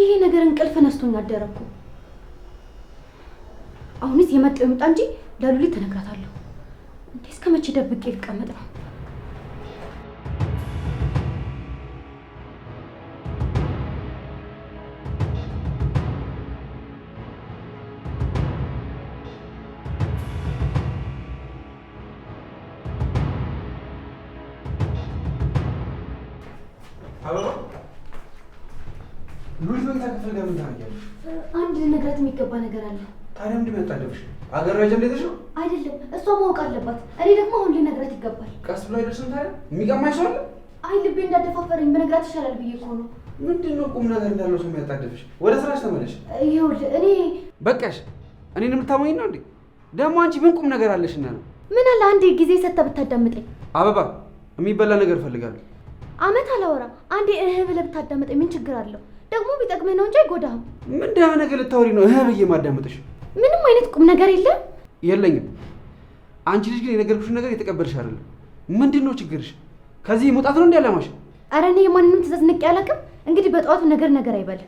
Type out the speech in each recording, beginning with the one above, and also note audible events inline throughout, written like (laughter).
ይሄ ነገር እንቅልፍ ነስቶኝ አደረኩ። አሁንስ የመጣው ይምጣ እንጂ ለሉሊት ተነግራታለሁ። እንዴ እስከ መቼ ደብቄ ልቀመጥ ነው? የገባ ነገር አለ። ታዲያ ምንድን ነው ያጣደፍሽ? አገር ላይ ጀምደሽ ነው? አይደለም፣ እሷ ማወቅ አለባት። እኔ ደግሞ አሁን ልነግራት ይገባል። ቀስ ብሎ አይደርስም። ታዲያ የሚቀማኝ ሰው አለ። አይ ልቤ እንዳደፋፈረኝ በነግራት ይሻላል ብዬ እኮ ነው። ምንድን ነው ቁም ነገር እንዳለው ሰው የሚያጣደፍሽ? ወደ ስራሽ ተመለሽ። ይኸውልህ እኔ በቃሽ። እኔን የምታመኝ ነው እንዴ? ደግሞ አንቺ ምን ቁም ነገር አለሽና ነው? ምን አለ አንዴ ጊዜ ሰጥተህ ብታዳምጠኝ። አበባ የሚበላ ነገር እፈልጋለሁ። አመት አላወራም። አንዴ እህ ብለህ ብታዳምጠኝ ምን ችግር አለው? ደግሞ ቢጠቅምህ ነው እንጂ አይጎዳህም። ምን ደህና ነገር ልታወሪ ነው? እህ ብዬ ማዳመጥሽ ምንም አይነት ቁም ነገር የለም። የለኝም። አንቺ ልጅ ግን የነገርኩሽን ነገር የተቀበልሽ አይደለም። ምንድን ነው ችግርሽ? ከዚህ መውጣት ነው እንዲ ያለማሽ? አረ እኔ የማንንም ትእዛዝ ንቄ አላውቅም። እንግዲህ በጠዋቱ ነገር ነገር አይበል።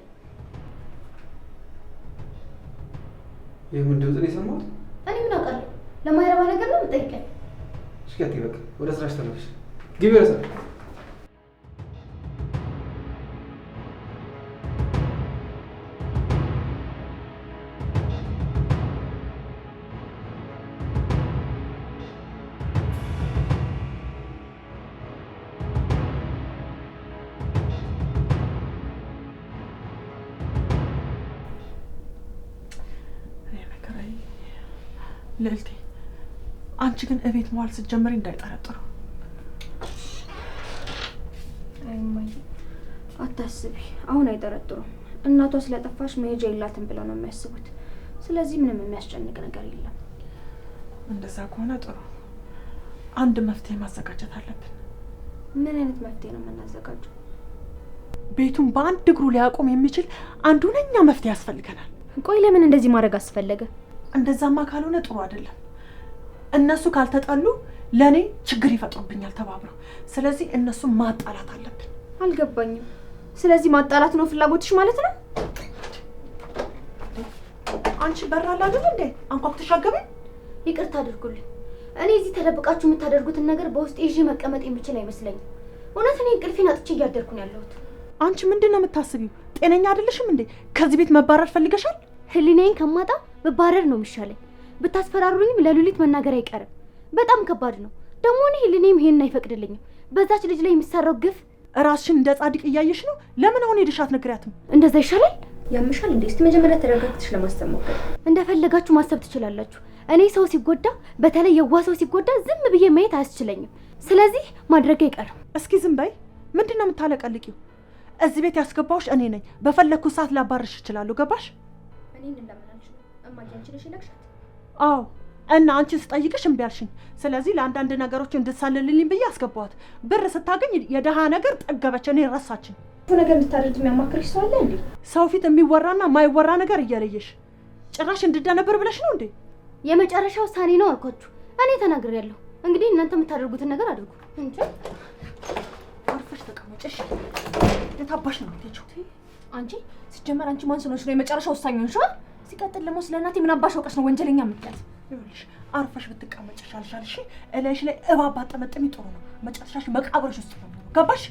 ይህምን ድምፅ ነው የሰማሁት። እኔ ምን አውቃለሁ? ለማይረባ ነገር ነው የምጠይቀኝ። እስኪ አትይ፣ በቃ ወደ ስራሽ ተመለሽ። ግቢ ወደ ልዕልቴ፣ አንቺ ግን እቤት መዋል ስትጀምሪ እንዳይጠረጥሩ። አታስቢ፣ አሁን አይጠረጥሩም። እናቷ ስለጠፋሽ መሄጃ የላትም ብለው ነው የሚያስቡት። ስለዚህ ምንም የሚያስጨንቅ ነገር የለም። እንደዛ ከሆነ ጥሩ። አንድ መፍትሄ ማዘጋጀት አለብን። ምን አይነት መፍትሄ ነው የምናዘጋጀው? ቤቱን በአንድ እግሩ ሊያቆም የሚችል አንድ ሁነኛ መፍትሄ ያስፈልገናል። ቆይ ለምን እንደዚህ ማድረግ አስፈለገ? እንደዛማ ካልሆነ ጥሩ አይደለም። እነሱ ካልተጠሉ ለእኔ ችግር ይፈጥሩብኛል ተባብረው። ስለዚህ እነሱ ማጣላት አለብን። አልገባኝም። ስለዚህ ማጣላት ነው ፍላጎትሽ ማለት ነው? አንቺ በር አይደል እንዴ? አንኳኩተሽ አትገቢም? ይቅርታ አድርጉልኝ። እኔ እዚህ ተደብቃችሁ የምታደርጉትን ነገር በውስጥ ይዤ መቀመጥ የምችል አይመስለኝም። እውነት እኔ እንቅልፌን አጥቼ እያደርኩ ነው ያለሁት። አንቺ ምንድን ነው የምታስቢው? ጤነኛ አይደለሽም እንዴ? ከዚህ ቤት መባረር ፈልገሻል? ህሊናዬን ከማጣ ብባረር ነው የሚሻለኝ። ብታስፈራሩኝም ለሉሊት መናገር አይቀርም። በጣም ከባድ ነው ደግሞ። እኔ ህሊኔም ይሄንን አይፈቅድልኝም። በዛች ልጅ ላይ የሚሰራው ግፍ ራስሽን እንደ ጻድቅ እያየሽ ነው። ለምን አሁን ሄደሽ ነግሪያትም እንደዛ ይሻላል። ያምሻል እንዴ? እስቲ መጀመሪያ ተረጋግተሽ ለማሰብ እንደፈለጋችሁ ማሰብ ትችላላችሁ። እኔ ሰው ሲጎዳ፣ በተለይ የዋ ሰው ሲጎዳ ዝም ብዬ ማየት አያስችለኝም። ስለዚህ ማድረግ አይቀርም። እስኪ ዝም በይ። ምንድን ነው የምታለቀልቂው? እዚህ ቤት ያስገባውሽ እኔ ነኝ። በፈለግኩ ሰዓት ላባርሽ እችላለሁ። ገባሽ? እማዬ አዎ እና አንቺ ስጠይቅሽ እምቢ አልሽኝ። ስለዚህ ለአንዳንድ ነገሮች እንድትሳልልልኝ ብዬ አስገባዋት ብር ስታገኝ የድሃ ነገር ጠገበች፣ እኔ ረሳችኝ። ነገር እንድታደርግ የሚያማክርሽ ሰው አለ እንዴ? ሰው ፊት የሚወራና ማይወራ ነገር እየለየሽ ጭራሽ እንድደነብር ብለሽ ነው እንዴ? የመጨረሻ ውሳኔ ነው አልኳችሁ። እኔ ያለሁ እንግዲህ እናንተ የምታደርጉትን ነገር አድርጉ እንጂ አርፈሽ የታባሽ ነው አንቺ? ሲጀመር አንቺ ማን ስለሆንሽ ነው የመጨረሻ ውሳኔ ሆንሻል? ሲቀጥል ደግሞ ስለ እናቴ ምን አባሽ አውቀሽ ነው ወንጀለኛ ምክንያት? ይኸውልሽ አርፈሽ ብትቀመጭ ይሻልሻል። እሺ እላይሽ ላይ እባብ ባጠመጥሚ ጥሩ ነው። መጨረሻሽ መቃብርሽ ውስጥ ነው። ገባሽ?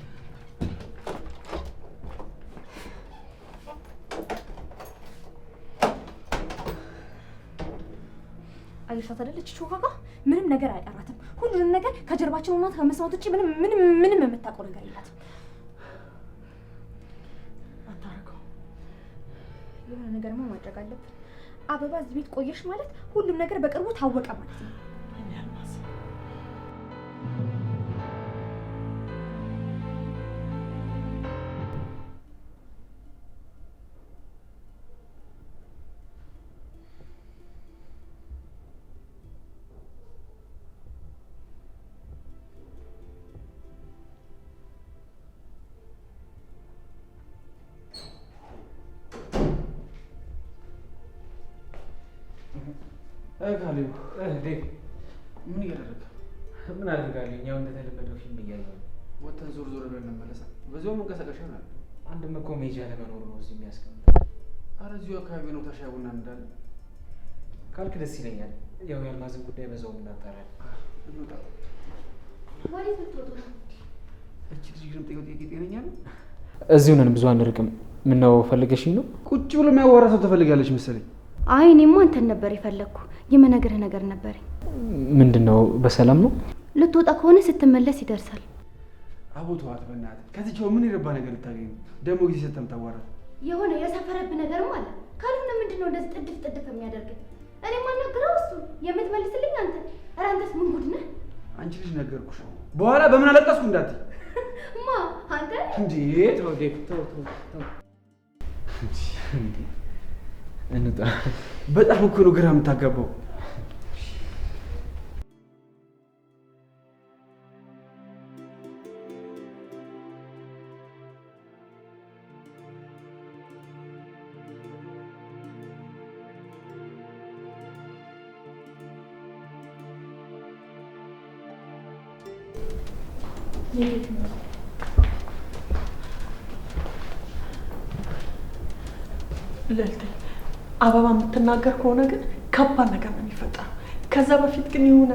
አየሻት አይደለች? ቾካካ ምንም ነገር አይቀራትም። ሁሉንም ነገር ከጀርባችን ሆና ከመስማት ውጭ ምንም ምንም ምንም የምታውቀው ነገር የላትም። ነገርማ ማድረግ አለብን። አበባ እዚህ ቤት ቆየሽ ማለት ሁሉም ነገር በቅርቡ ታወቀ ማለት ነው። ምን እያደረገ ምን አድርጋለሁ? እኛው እንደተለመደው ፊልም እያየሁ ወተን ዞር ዞር ብለን እንመለሳ። በዚያው መንቀሳቀሻ እኮ መሄጃ ነው እዚህ አረ እዚሁ አካባቢ ነው ቡና እንዳለ ካልክ ደስ ይለኛል። ያው ያልማዝን ጉዳይ በዛው ልጅ ግን ጤነኛ ነው። እዚሁ ነን፣ ብዙ አንርቅም። ምነው ፈልገሽኝ ነው? ቁጭ ብሎ የሚያዋራ ሰው ትፈልጋለች መሰለኝ አይ እኔማ አንተን ነበር የፈለግኩ። የምነግርህ ነገር ነበረኝ። ምንድን ነው? በሰላም ነው? ልትወጣ ከሆነ ስትመለስ ይደርሳል። አቦ ተዋት በእናትህ። ከዚህ ምን የረባ ነገር ልታገኝ ደግሞ ጊዜ ሰተም ታዋራት። የሆነ የሰፈረብህ ነገርም አለ። ካልሆነ ምንድን ነው እንደዚህ ጥድፍ ጥድፍ የሚያደርግህ? እኔ ማናግረው እሱ የምትመልስልኝ አንተ። ኧረ አንተስ ምን ጉድ ነህ? አንቺ ልጅ ነገርኩሽ። በኋላ በምን አለቀስኩ እንዳት (laughs) ማ አንተ እንዴ ተው ተው ተው እንጣ በጣም እኮ ነው ግራ የምታጋባው አበባ የምትናገር ከሆነ ግን ከባድ ነገር ነው የሚፈጠረው። ከዛ በፊት ግን የሆነ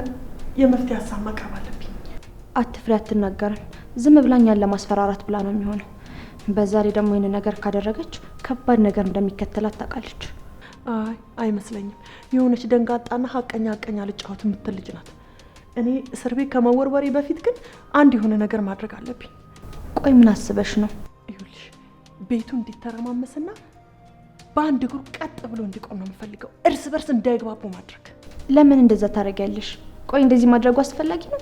የመፍትሄ ሀሳብ ማቅረብ አለብኝ። አትፍሪ፣ አትናገርም። ዝም ብላኛን ለማስፈራራት ብላ ነው የሚሆነው። በዛ ላይ ደግሞ ይህን ነገር ካደረገች ከባድ ነገር እንደሚከተላት ታውቃለች። አይ አይመስለኝም። የሆነች ደንጋጣና ሀቀኛ ሀቀኛ ልጫወት የምትል ልጅ ናት። እኔ እስር ቤት ከመወርወሬ በፊት ግን አንድ የሆነ ነገር ማድረግ አለብኝ። ቆይ ምን አስበሽ ነው? ይኸውልሽ ቤቱ እንዲተረማመስና በአንድ እግሩ ቀጥ ብሎ እንዲቆም ነው የምፈልገው፣ እርስ በርስ እንዳይግባቡ ማድረግ። ለምን እንደዛ ታደርጊያለሽ? ቆይ እንደዚህ ማድረጉ አስፈላጊ ነው?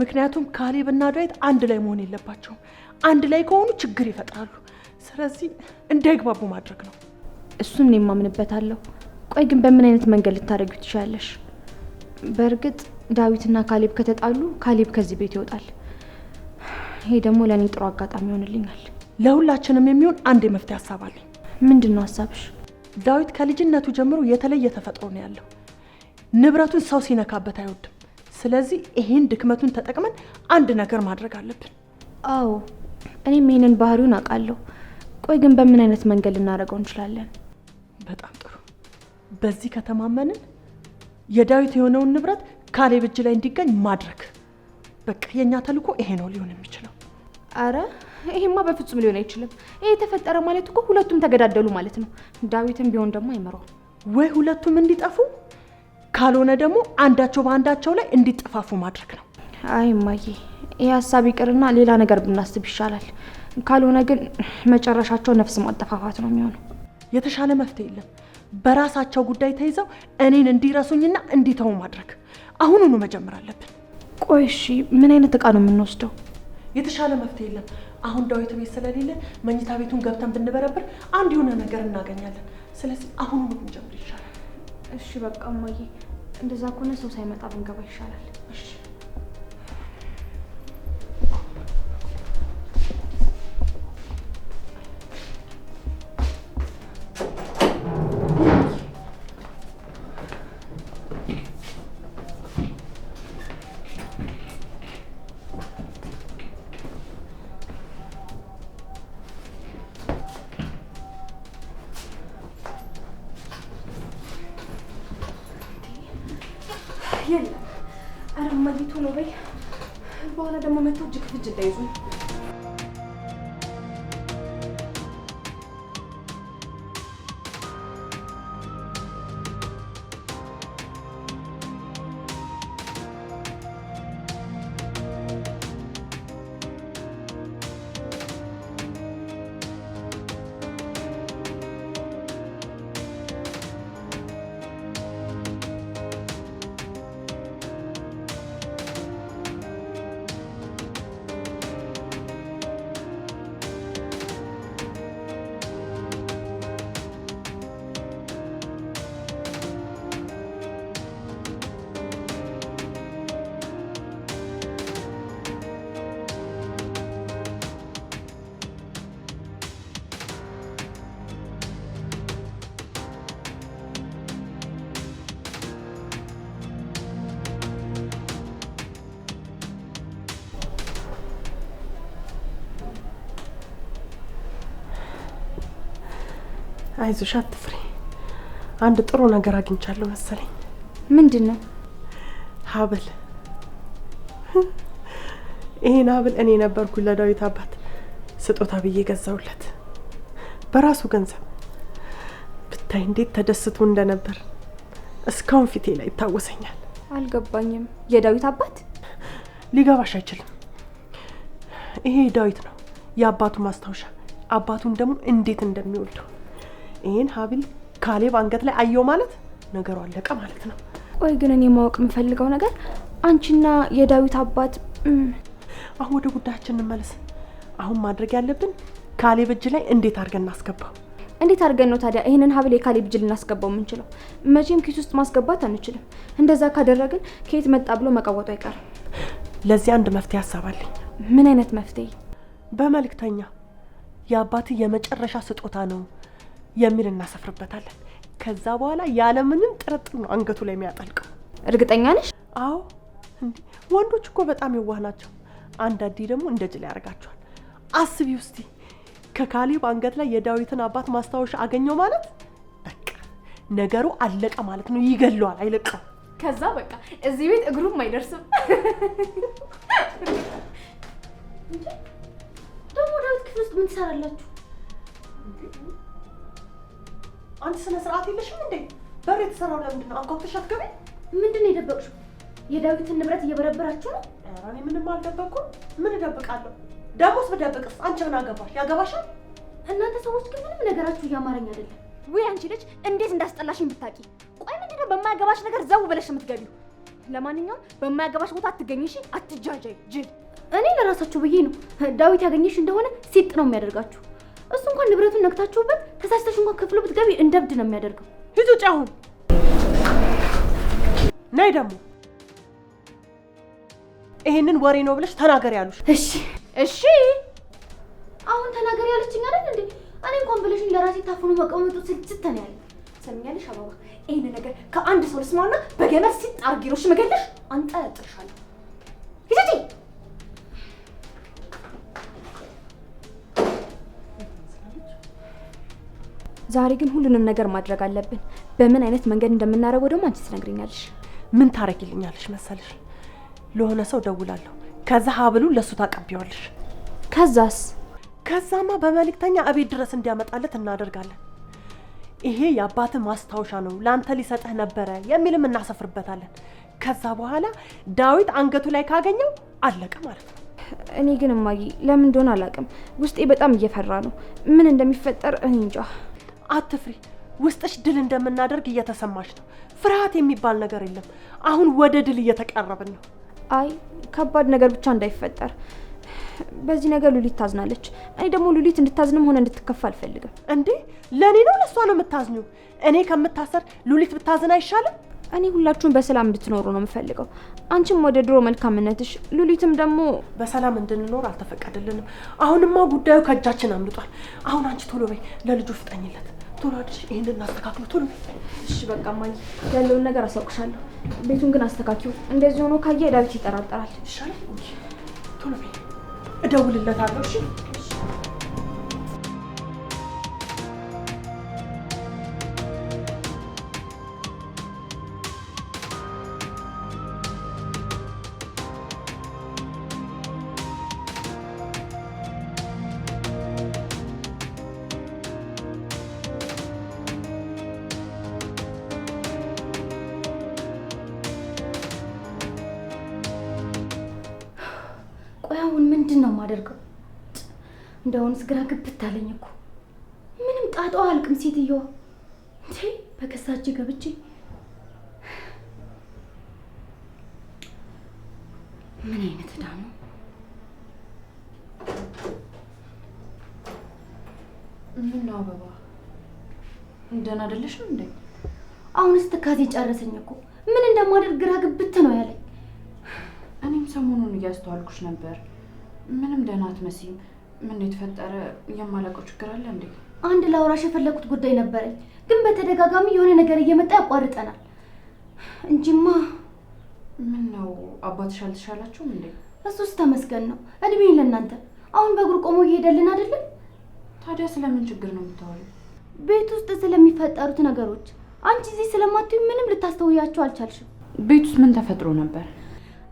ምክንያቱም ካሌብ እና ዳዊት አንድ ላይ መሆን የለባቸውም። አንድ ላይ ከሆኑ ችግር ይፈጥራሉ። ስለዚህ እንዳይግባቡ ማድረግ ነው። እሱን እኔ የማምንበታለሁ። ቆይ ግን በምን አይነት መንገድ ልታደርጊው ትችላለሽ? በእርግጥ ዳዊትና ካሌብ ከተጣሉ ካሌብ ከዚህ ቤት ይወጣል። ይሄ ደግሞ ለእኔ ጥሩ አጋጣሚ ይሆንልኛል። ለሁላችንም የሚሆን አንድ የመፍትሄ ሀሳብ አለኝ። ምንድን ነው ሀሳብሽ? ዳዊት ከልጅነቱ ጀምሮ የተለየ ተፈጥሮ ነው ያለው። ንብረቱን ሰው ሲነካበት አይወድም። ስለዚህ ይሄን ድክመቱን ተጠቅመን አንድ ነገር ማድረግ አለብን። አዎ እኔም ይሄንን ባህሪውን አውቃለሁ። ቆይ ግን በምን አይነት መንገድ ልናደርገው እንችላለን? በጣም ጥሩ። በዚህ ከተማመንን የዳዊት የሆነውን ንብረት ካሌብ እጅ ላይ እንዲገኝ ማድረግ። በቃ የእኛ ተልዕኮ ይሄ ነው ሊሆን የሚችለው። አረ ይሄማ በፍጹም ሊሆን አይችልም። ይሄ ተፈጠረ ማለት እኮ ሁለቱም ተገዳደሉ ማለት ነው። ዳዊትም ቢሆን ደግሞ አይመራውም ወይ ሁለቱም እንዲጠፉ ካልሆነ ደግሞ አንዳቸው በአንዳቸው ላይ እንዲጠፋፉ ማድረግ ነው። አይ እማዬ፣ ይህ ሀሳብ ይቅርና ሌላ ነገር ብናስብ ይሻላል። ካልሆነ ግን መጨረሻቸው ነፍስ ማጠፋፋት ነው የሚሆነው። የተሻለ መፍትሄ የለም። በራሳቸው ጉዳይ ተይዘው እኔን እንዲረሱኝና እንዲተው ማድረግ አሁኑኑ መጀመር አለብን። ቆይ እሺ፣ ምን አይነት እቃ ነው የምንወስደው? የተሻለ መፍትሄ የለም። አሁን ዳዊት ቤት ስለሌለ መኝታ ቤቱን ገብተን ብንበረብር አንድ የሆነ ነገር እናገኛለን። ስለዚህ አሁን ብንጀምር ይሻላል። እሺ በቃ እማዬ፣ እንደዛ ከሆነ ሰው ሳይመጣ ብንገባ ይሻላል። የለም። አረ መኝቱ ነው በይ። በኋላ ደግሞ መተው እጅ ከፍጅ እንዳይዙ አይዞሽ አትፍሪ። አንድ ጥሩ ነገር አግኝቻለሁ መሰለኝ። ምንድን ነው? ሀብል። ይሄን ሀብል እኔ ነበርኩ ለዳዊት አባት ስጦታ ብዬ ገዛውለት በራሱ ገንዘብ። ብታይ እንዴት ተደስቶ እንደነበር እስካሁን ፊቴ ላይ ይታወሰኛል። አልገባኝም። የዳዊት አባት? ሊገባሽ አይችልም። ይሄ ዳዊት ነው የአባቱ ማስታወሻ። አባቱን ደግሞ እንዴት እንደሚወልደው ይሄን ሀብል ካሌብ አንገት ላይ አየው ማለት ነገሩ አለቀ ማለት ነው። ቆይ ግን እኔ ማወቅ የምፈልገው ነገር አንቺና የዳዊት አባት አሁን ወደ ጉዳያችን እንመለስ። አሁን ማድረግ ያለብን ካሌብ እጅ ላይ እንዴት አድርገን እናስገባው? እንዴት አድርገን ነው ታዲያ ይህንን ሀብል የካሌብ እጅ ልናስገባው የምንችለው? መቼም ኪስ ውስጥ ማስገባት አንችልም። እንደዛ ካደረግን ከየት መጣ ብሎ መቃወጡ አይቀርም። ለዚህ አንድ መፍትሄ አሳባለኝ። ምን አይነት መፍትሄ? በመልእክተኛ የአባት የመጨረሻ ስጦታ ነው የሚል እናሰፍርበታለን። ከዛ በኋላ ያለምንም ጥርጥር ነው አንገቱ ላይ የሚያጠልቀው። እርግጠኛ ነሽ? አዎ። ወንዶች እኮ በጣም የዋህ ናቸው። አንዳንዴ ደግሞ እንደ ጅል ያደርጋቸዋል። አስቢ ውስቲ ከካሌብ አንገት ላይ የዳዊትን አባት ማስታወሻ አገኘው ማለት በቃ ነገሩ አለቀ ማለት ነው። ይገለዋል፣ አይለቀው። ከዛ በቃ እዚህ ቤት እግሩም አይደርስም። ደግሞ ዳዊት ክፍል ውስጥ ምን ትሰራላችሁ? አንቺ ስነ ስርዓት የለሽም እንዴ? በር የተሰራው ለምንድን ነው? አንኳኩተሽ አትገቢ? ምንድን ነው የደበቅሽው? የዳዊትን ንብረት እየበረበራችሁ ነው? ኧረ እኔ ምንም አልደበቅኩም። ምን እደብቃለሁ? ደግሞስ ብደብቅስ አንቺ ምን አገባሽ? ያገባሻል? እናንተ ሰዎች ግን ምንም ነገራችሁ እያማረኝ አይደለም። ውይ አንቺ ልጅ እንዴት እንዳስጠላሽኝ ብታውቂ። ቆይ ምንድን ነው በማያገባሽ ነገር ዘው ብለሽ የምትገቢው? ለማንኛውም በማያገባሽ ቦታ አትገኝ እሺ? አትጃጃይ ጅል። እኔ ለራሳችሁ ብዬ ነው። ዳዊት ያገኘሽ እንደሆነ ሲጥ ነው የሚያደርጋችሁ። እሱ እንኳን ንብረቱን ነክታችሁበት ተሳስተሽ እንኳን ክፍሉ ብትገቢ እንደ እብድ ነው የሚያደርገው። ሂጂ ውጪ አሁን። ነይ ደግሞ ይሄንን ወሬ ነው ብለሽ ተናገር ያሉሽ። እሺ እሺ፣ አሁን ተናገር ያለችኝ አይደል እንዴ? እኔ እንኳን ብለሽኝ ለራሴ ታፍኖ መቀመጡ ስልችት ነው ያለ። ሰሚኛለሽ አበባ፣ ይሄን ነገር ከአንድ ሰው ልስማውና በገመድ ሲጣርጊሮሽ መገለሽ አንጠለጥልሻለሁ። ሂጂ ዛሬ ግን ሁሉንም ነገር ማድረግ አለብን። በምን አይነት መንገድ እንደምናደርገው ደግሞ አንቺ ትነግሪኛለሽ። ምን ታረጊልኛለሽ መሰለሽ? ለሆነ ሰው ደውላለሁ። ከዛ ሀብሉን ለእሱ ታቀቢዋለሽ። ከዛስ? ከዛማ በመልእክተኛ እቤት ድረስ እንዲያመጣለት እናደርጋለን። ይሄ የአባት ማስታወሻ ነው፣ ለአንተ ሊሰጠህ ነበረ የሚልም እናሰፍርበታለን። ከዛ በኋላ ዳዊት አንገቱ ላይ ካገኘው አለቀ ማለት ነው። እኔ ግን እማዬ፣ ለምን እንደሆነ አላውቅም፣ ውስጤ በጣም እየፈራ ነው። ምን እንደሚፈጠር እኔ እንጃ። አትፍሪ። ውስጥሽ ድል እንደምናደርግ እየተሰማሽ ነው። ፍርሃት የሚባል ነገር የለም። አሁን ወደ ድል እየተቃረብን ነው። አይ ከባድ ነገር ብቻ እንዳይፈጠር። በዚህ ነገር ሉሊት ታዝናለች። እኔ ደግሞ ሉሊት እንድታዝንም ሆነ እንድትከፋ አልፈልግም። እንዴ ለእኔ ነው ለእሷ ነው የምታዝኙ? እኔ ከምታሰር ሉሊት ብታዝን አይሻልም? እኔ ሁላችሁም በሰላም እንድትኖሩ ነው የምፈልገው። አንቺም ወደ ድሮ መልካምነትሽ፣ ሉሊትም ደግሞ በሰላም እንድንኖር አልተፈቀደልንም። አሁንማ ጉዳዩ ከእጃችን አምልጧል። አሁን አንቺ ቶሎ በይ ለልጁ ፍጠኝለት። ቶሎ አድርሽ፣ ይሄንን አስተካክሎ ቶሎ። እሺ በቃ እማዬ፣ ያለውን ነገር አሳውቅሻለሁ። ቤቱን ግን አስተካክዩ። እንደዚህ ሆኖ ካየ ዳዊት ይጠራጠራል። ይሻላል። ቶሎ እደውልለታለሁ። እሺ እንደውንስ ግራ ግብት አለኝ እኮ ምንም ጣጣው አልቅም። ሴትዮዋ እንዴ በከሳች ገብቼ ምን አይነት እዳ ነው? ምነው አበባ እንደና አይደለሽ እንዴ? አሁንስ ትካዜ ጨረሰኝ እኮ ምን እንደማደርግ ግራ ግብት ነው ያለኝ። እኔም ሰሞኑን እያስተዋልኩሽ ነበር። ምንም ደህና አትመስይም። ምን የተፈጠረ የማላውቀው ችግር አለ እንዴ? አንድ ላውራሽ የፈለኩት ጉዳይ ነበረኝ፣ ግን በተደጋጋሚ የሆነ ነገር እየመጣ ያቋርጠናል እንጂማ። ምን ነው አባትሽ አልተሻላችሁም እንዴ? እሱስ ተመስገን ነው። እድሜ ለእናንተ። አሁን በእግሩ ቆሞ እየሄደልን አይደለም? ታዲያ ስለምን ችግር ነው የምታወሪው? ቤት ውስጥ ስለሚፈጠሩት ነገሮች አንቺ እዚህ ስለማትዪ ምንም ልታስተውያቸው አልቻልሽም። ቤት ውስጥ ምን ተፈጥሮ ነበር?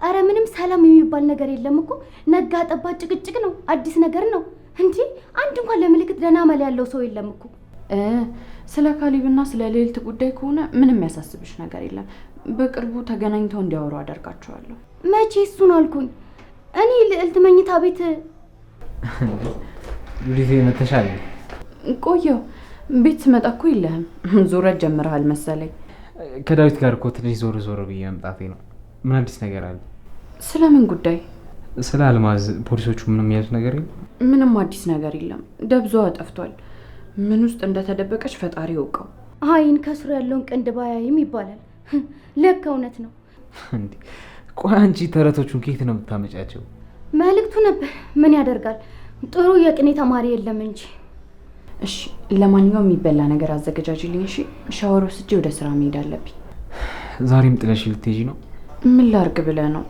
አረ ምንም ሰላም የሚባል ነገር የለም እኮ ነጋ ጠባ ጭቅጭቅ ነው። አዲስ ነገር ነው እንጂ አንድ እንኳን ለምልክት ደህና መል ያለው ሰው የለም እኮ። ስለ ካሊብና ስለ ሌሊት ጉዳይ ከሆነ ምንም ያሳስብሽ ነገር የለም። በቅርቡ ተገናኝተው እንዲያወሩ አደርጋቸዋለሁ። መቼ? እሱን አልኩኝ እኔ ልዕልት መኝታ ቤት ሉሊት መተሻለ ቆየው ቤት ስመጣ እኮ የለህም። ዞረት ጀምረሃል መሰለኝ። ከዳዊት ጋር እኮ ትንሽ ዞር ዞር ብዬ መምጣቴ ነው። ምን አዲስ ነገር አለ? ስለምን ጉዳይ? ስለ አልማዝ ፖሊሶቹ ምንም ያሉት ነገር የለም? ምንም አዲስ ነገር የለም። ደብዟ ጠፍቷል። ምን ውስጥ እንደተደበቀች ፈጣሪ ያውቀው። አይን ከስሩ ያለውን ቅንድ ባያይም ይባላል። (laughs) ለካ እውነት ነው። (laughs) ቆይ አንቺ ተረቶቹን ከየት ነው የምታመጫቸው? መልእክቱ ነበር። ምን ያደርጋል ጥሩ የቅኔ ተማሪ የለም እንጂ። እሺ ለማንኛውም የሚበላ ነገር አዘገጃጅልኝ። እሺ ሻወር ወስጄ ወደ ስራ መሄድ አለብኝ። (sighs) ዛሬም ጥለሽ ልትሄጂ ነው? ምን ላርግ ብለህ ነው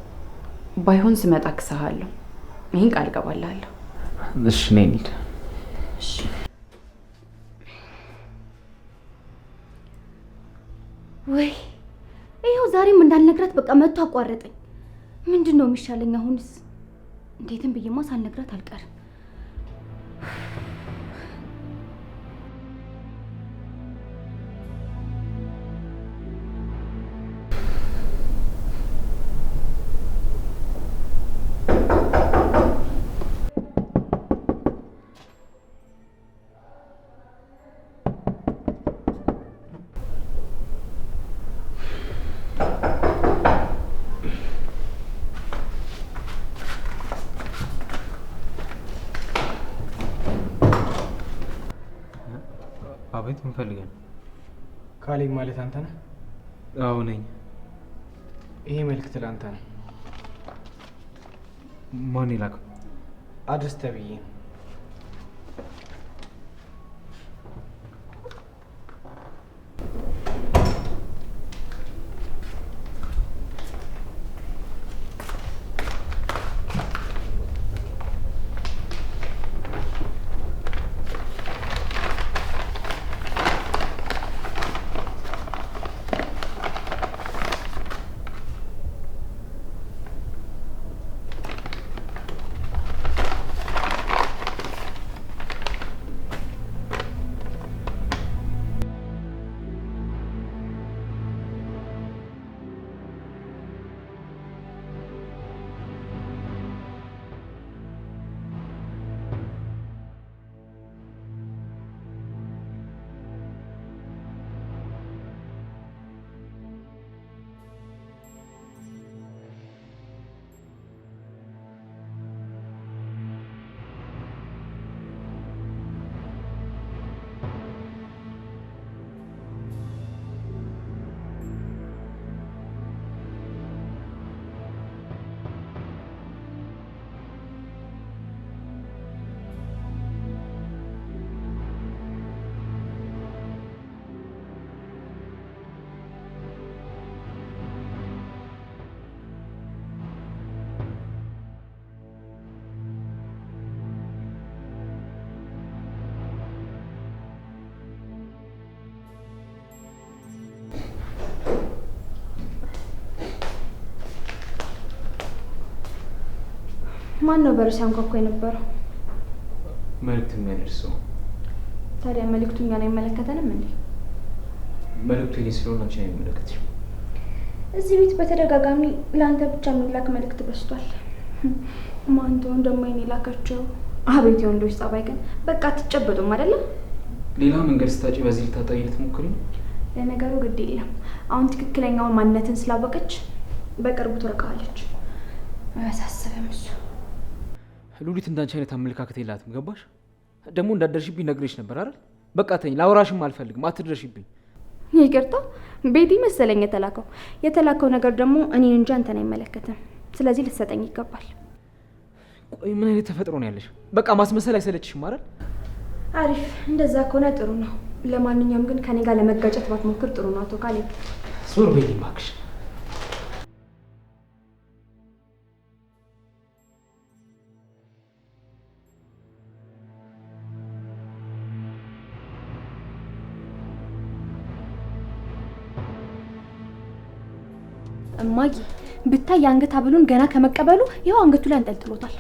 ባይሆን ስመጣ ክሰሃለሁ። ይህን ቃል ገባላለሁ። እሺ እኔ እንሂድ። ወይ ይኸው ዛሬም እንዳልነግራት በቃ መጥቶ አቋረጠኝ። ምንድን ነው የሚሻለኝ? አሁንስ እንዴትም ብዬማ ሳልነግራት አልቀርም። ማግኘት ፈልገን። ካሌብ ማለት አንተ ነህ? አዎ ነኝ። ይሄ መልእክት ለአንተ ነው። ማን ይላከው? አድርስ ተብዬ ማን ነው በሩ ሲያንኳኳ የነበረው? መልእክት የሚያደርሰው። ታዲያ መልእክቱ እኛን አይመለከተንም እንዴ? መልእክቱ የኔ ስለሆነ አንቺን አይመለከትሽም። እዚህ ቤት በተደጋጋሚ ለአንተ ብቻ የሚላክ መልእክት በስቷል። ማን ትሆን ደግሞ የኔ ላከችው? አቤት የወንዶች ጸባይ ግን በቃ አትጨበጡም አይደለም? ሌላ መንገድ ስታጭ በዚህ ልታጣይ ልትሞክሪ ነው። ለነገሩ ግድ የለም አሁን ትክክለኛውን ማንነትን ስላወቀች በቅርቡ ትርቃለች። አያሳስብም እሱ ሉሊት እንዳንቺ አይነት አመለካከት የላትም። ገባሽ? ደግሞ እንዳደርሽብኝ ነግሬሽ ነበር አይደል? በቃ ተኝ፣ ላውራሽም አልፈልግም። አትድረሽብኝ። ይቅርታ ቤቲ መሰለኝ የተላከው። የተላከው ነገር ደግሞ እኔን እንጂ አንተን አይመለከትም። ስለዚህ ልትሰጠኝ ይገባል። ቆይ ምን አይነት ተፈጥሮ ነው ያለሽ? በቃ ማስመሰል አይሰለችሽም አይደል? አሪፍ። እንደዛ ከሆነ ጥሩ ነው። ለማንኛውም ግን ከኔ ጋር ለመጋጨት ባትሞክር ጥሩ ነው። አቶ ካሌ ዞር ቤቲ፣ እባክሽ። ማጊ ብታይ የአንገት ሀብሉን ገና ከመቀበሉ ይኸው አንገቱ ላይ አንጠልጥሎታል።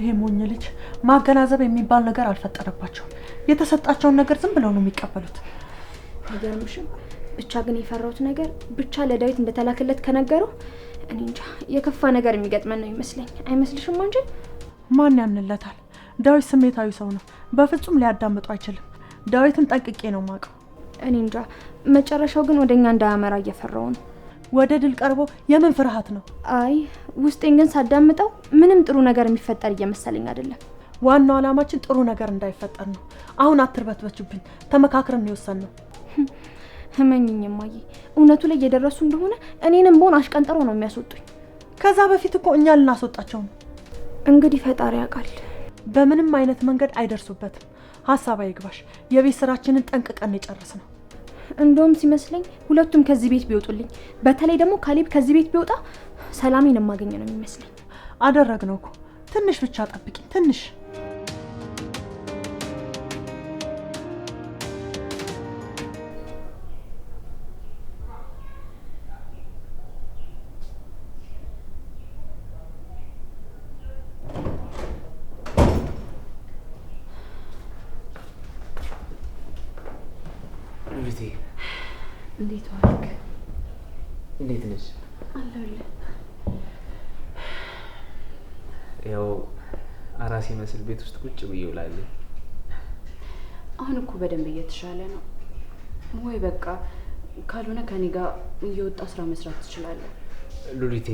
ይሄ ሞኝ ልጅ ማገናዘብ የሚባል ነገር አልፈጠረባቸውም። የተሰጣቸውን ነገር ዝም ብለው ነው የሚቀበሉት። አይገርምሽም? ብቻ ግን የፈራሁት ነገር ብቻ ለዳዊት እንደተላከለት ከነገረው እኔ እንጃ የከፋ ነገር የሚገጥመን ነው ይመስለኝ። አይመስልሽም አንቺ? ማን ያምንለታል? ዳዊት ስሜታዊ ሰው ነው። በፍጹም ሊያዳምጡ አይችልም። ዳዊትን ጠንቅቄ ነው ማውቀው። እኔ እንጃ። መጨረሻው ግን ወደኛ እንዳያመራ እየፈራው ነው። ወደ ድል ቀርቦ የምን ፍርሃት ነው? አይ ውስጤን ግን ሳዳምጠው ምንም ጥሩ ነገር የሚፈጠር እየመሰለኝ አይደለም። ዋናው ዓላማችን ጥሩ ነገር እንዳይፈጠር ነው። አሁን አትርበትበችብን፣ ተመካክረን የወሰን ነው። ህመኝኝ (laughs) እማዬ፣ እውነቱ ላይ እየደረሱ እንደሆነ እኔንም በሆን አሽቀንጥሮ ነው የሚያስወጡኝ። ከዛ በፊት እኮ እኛ ልናስወጣቸው ነው። እንግዲህ ፈጣሪ ያውቃል። በምንም አይነት መንገድ አይደርሱበትም። ሀሳብ አይግባሽ፣ የቤት ስራችንን ጠንቅቀን የጨረስ ነው። እንደውም ሲመስለኝ ሁለቱም ከዚህ ቤት ቢወጡልኝ፣ በተለይ ደግሞ ካሌብ ከዚህ ቤት ቢወጣ ሰላሜን የማገኘ ነው የሚመስለኝ። አደረግነው እኮ ትንሽ ብቻ ጠብቂ ትንሽ የሚመስል ቤት ውስጥ ቁጭ ብዬ ውላለሁ። አሁን እኮ በደንብ እየተሻለ ነው ወይ? በቃ ካልሆነ ከኔ ጋር እየወጣ ስራ መስራት ትችላለህ። ሉሊቴ፣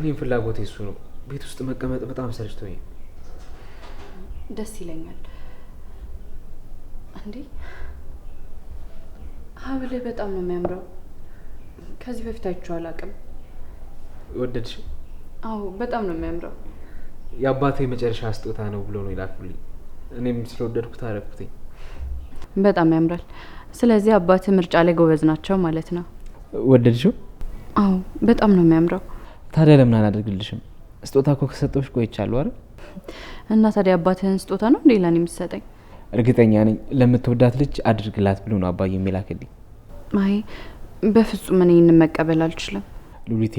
እኔም ፍላጎቴ እሱ ነው። ቤት ውስጥ መቀመጥ በጣም ሰልችቶኝ ደስ ይለኛል። እንዴ ሀብልህ በጣም ነው የሚያምረው። ከዚህ በፊት አይቼው አላውቅም። ወደድሽ? አዎ፣ በጣም ነው የሚያምረው። የአባቴ የመጨረሻ ስጦታ ነው ብሎ ነው ይላኩልኝ። እኔም ስለወደድኩት አረኩትኝ። በጣም ያምራል። ስለዚህ አባት ምርጫ ላይ ጎበዝ ናቸው ማለት ነው። ወደድሽው? አዎ በጣም ነው የሚያምረው። ታዲያ ለምን አላደርግልሽም? ስጦታ ኮ ከሰጠሽ ቆይቻለሁ አረ እና ታዲያ አባትህን ስጦታ ነው እንዴ ለኔ የምትሰጠኝ? እርግጠኛ ነኝ ለምትወዳት ልጅ አድርግላት ብሎ ነው አባዬ የሚላክልኝ። አይ በፍጹም እኔ ይህንን መቀበል አልችልም። ሉሊቴ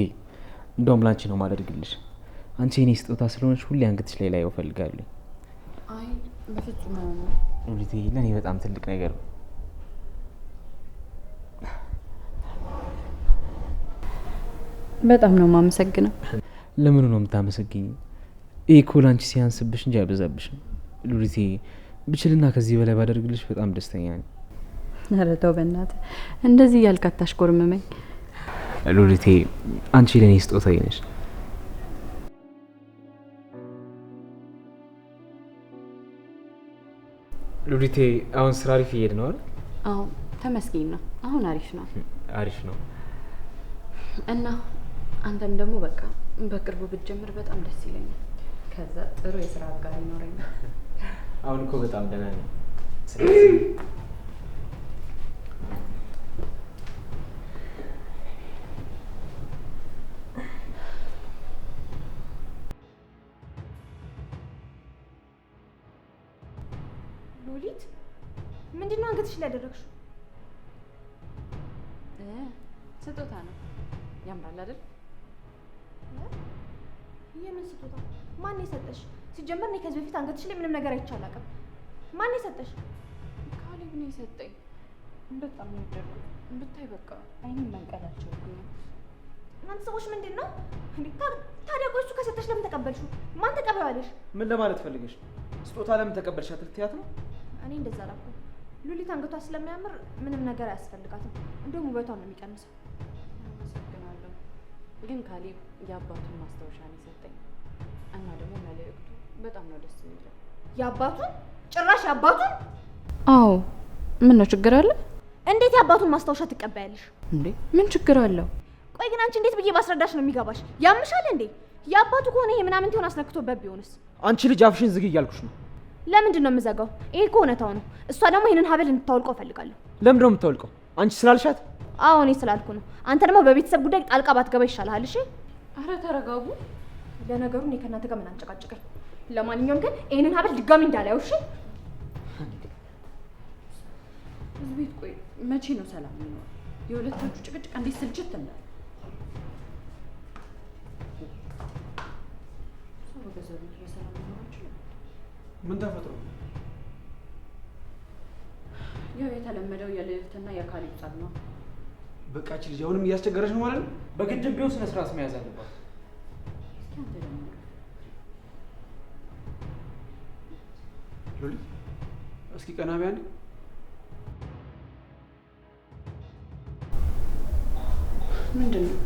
እንደውም ላንቺ ነው ማደርግልሽ አንቺ የኔ ስጦታ ስለሆነች ሁሌ አንገትሽ ላይ ላይ እፈልጋለሁ። አይ በፍጹም ለእኔ በጣም ትልቅ ነገር ነው። በጣም ነው የማመሰግነው። ለምኑ ነው የምታመሰግኝ? ይህ እኮ ለአንቺ ሲያንስብሽ እንጂ አይበዛብሽም። ሉሊቴ፣ ብችልና ከዚህ በላይ ባደርግልሽ በጣም ደስተኛ ነኝ። ኧረ ተው በእናትህ እንደዚህ እያልክ አታሽኮርምመኝ። ሉሊቴ፣ አንቺ ለእኔ ስጦታዬ ነሽ። ሉሊቴ አሁን ስራ አሪፍ እየሄድ ነው አይደል? አዎ ተመስገን ነው። አሁን አሪፍ ነው። አሪፍ ነው። እና አንተም ደግሞ በቃ በቅርቡ ብትጀምር በጣም ደስ ይለኛል። ከዛ ጥሩ የስራ አጋር ይኖረኛል። አሁን እኮ በጣም ደህና ነኝ። (clears throat) አንገትሽ ላይ ያደረግሽው? ስጦታ ነው። ያምራል አይደል? የምን ስጦታ? ማን የሰጠሽ? ሲጀመር እኔ ከዚህ በፊት አንገትሽ ላይ ምንም ነገር አይቼ አላውቅም። ማን የሰጠሽ? ካሌብ ነው የሰጠኝ። በጣም ነው ብታይ በቃ አይኔን መንቀላቸው እናንተ ሰዎች ምንድን ነው ታዲያ? ቆይ እሱ ከሰጠሽ ለምን ተቀበልሽው? ማን ተቀበያለሽ? ምን ለማለት ፈልገሽ? ስጦታ ለምን ተቀበልሽ? አትልትያት ነው። እኔ እንደዛ አላልኩም። ሉሊት አንገቷ ስለሚያምር ምንም ነገር አያስፈልጋትም። እንደውም ውበቷን ነው የሚቀንሰው። አመሰግናለሁ። ግን ካሌብ የአባቱን ማስታወሻ ነው የሰጠኝ እና ደግሞ መልእክቱ በጣም ነው ደስ የሚለው። የአባቱን ጭራሽ የአባቱን? አዎ። ምን ነው ችግር አለ? እንዴት የአባቱን ማስታወሻ ትቀበያለሽ እንዴ? ምን ችግር አለው? ቆይ ግን አንቺ እንዴት ብዬ ማስረዳሽ ነው የሚገባሽ? ያምሻል እንዴ? የአባቱ ከሆነ ይሄ ምናምን ትሆን አስነክቶበት ቢሆንስ? አንቺ ልጅ አፍሽን ዝግ እያልኩሽ ነው ለምንድን ነው የምዘጋው? ይሄ እኮ እውነታው ነው። እሷ ደግሞ ይሄንን ሀብል እንድታወልቀው እፈልጋለሁ። ለምንድን ነው የምታወልቀው? አንቺ ስላልሻት? አዎ እኔ ስላልኩ ነው። አንተ ደግሞ በቤተሰብ ጉዳይ ጣልቃ ባትገባ ይሻልሃል። እሺ። አረ ተረጋጉ። ለነገሩ እኔ ከእናንተ ጋር ምን ለማንኛውም ግን ይህንን ሀብል ድጋሚ እንዳላየው እሺ። ቤት ቆይ፣ መቼ ነው ሰላም የሚኖረው? የሁለታችሁ ጭቅጭቅ እንዴት ስልችት እንዳለ ሰው ምን ተፈጥሮ? ያው የተለመደው የልዕልትና የአካል ጸብ ነው። በቃች ልጅ አሁንም እያስቸገረች ነው ማለት ነው። በግድም ቢሆን ስነ ስርዓት መያዝ አለባት። እስኪ ቀና ቢያን ምንድን ነው